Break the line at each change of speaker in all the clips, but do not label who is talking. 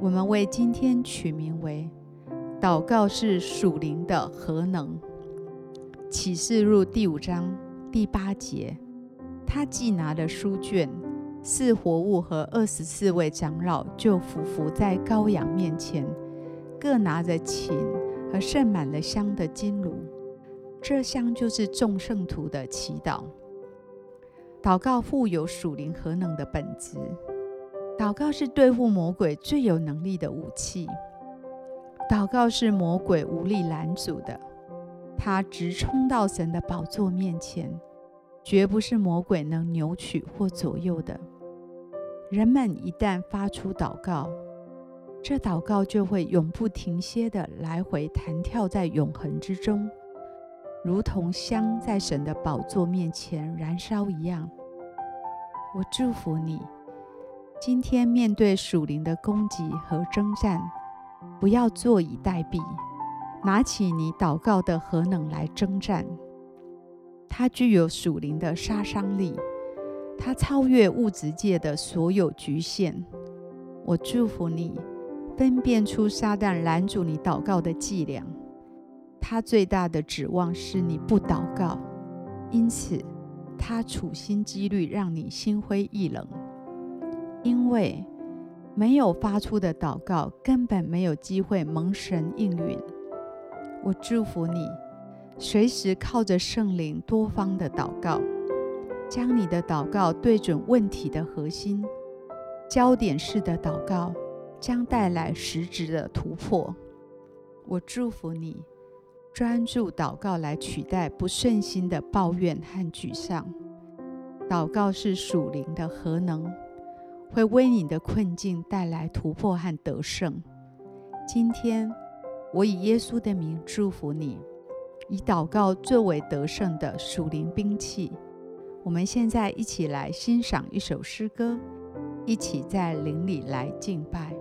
我們為今天取名為“禱告是屬靈的核能”。啟示錄第五章第八節，他既拿了書卷，四活物和二十四位長老就俯伏在羔羊面前，各拿着琴和盛滿了香的金爐，這香就是眾聖徒的祈禱，禱。禱告富有屬靈核能的本質。禱告是對付魔鬼最有能力的武器。禱告是魔鬼無力攔阻的，他直衝到神的寶座面前，絕不是魔鬼能扭曲或左右的。人們一旦發出禱告，這禱告就會永不停歇地來回彈跳在永恆之中，如同香在神的寶座面前燃燒一樣。我祝福你。今天面對屬靈的攻擊和征戰，不要坐以待斃，拿起你禱告的核能來征戰。它具有屬靈的殺傷力，它超越物質界的所有局限。我祝福你，分辨出撒旦攔阻你禱告的伎倆。他最大的指望是你不禱告，因此他處心積慮讓你心灰意冷。因為沒有發出的禱告，根本沒有機會蒙神應允。我祝福你，隨時靠着聖靈多方的禱告，將你的禱告對準問題的核心，焦點式的禱告將帶來實質的突破。我祝福你，專注禱告來取代不順心的抱怨和沮喪。禱告是屬靈的核能。會為你的困境帶來突破和得勝。今天，我以耶穌的名祝福你，以禱告作為得勝的屬靈兵器。我們現在一起來欣賞一首詩歌，一起在靈裡來敬拜。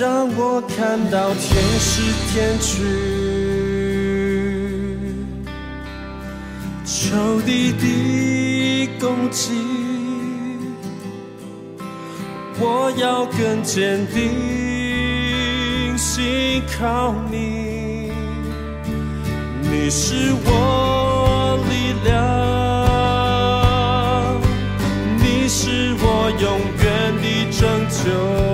讓我看到天使天軍，仇敵的攻擊，我要更堅定，信靠你，你是我力量，你是我永遠的拯救。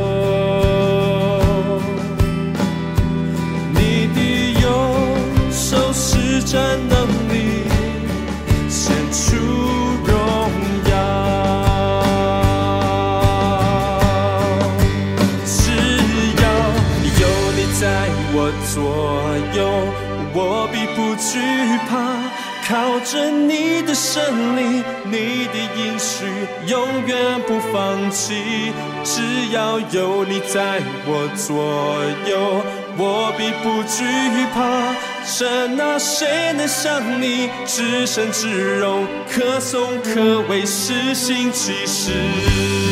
我必不懼怕，靠着你的勝利，你的應許，永遠不放棄。只要有你在我左右，我必不懼怕。神啊，誰能像你，至聖至榮，可頌可畏，施行奇事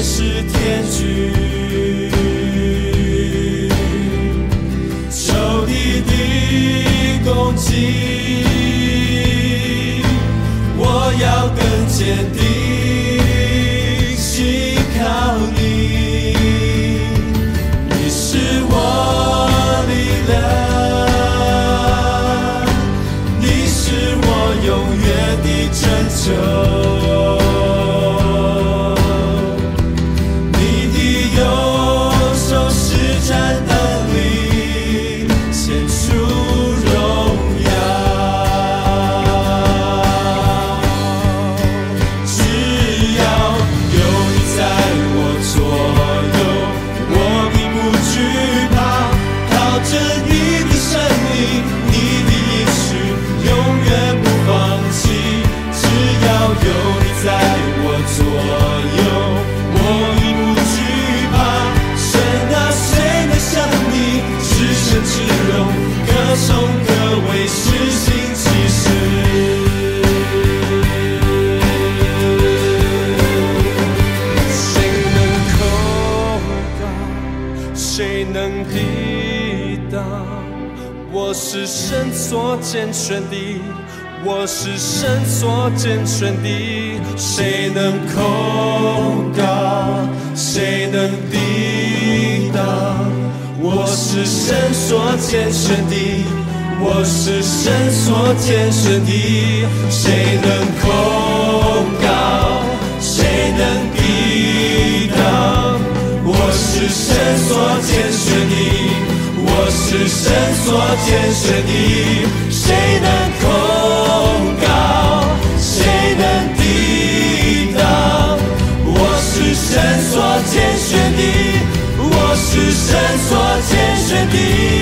是天軍，受敵的攻擊，我要更堅定。抵擋！我是神所揀選的，我是神所揀選的。誰能控告？誰能抵擋？我是神所揀選的，我是神所揀選的。誰能控告？誰能抵擋？我是神所揀選。你，我是神所揀選的，誰能控告？誰能抵擋？我是神所揀選的，我是神所揀選的。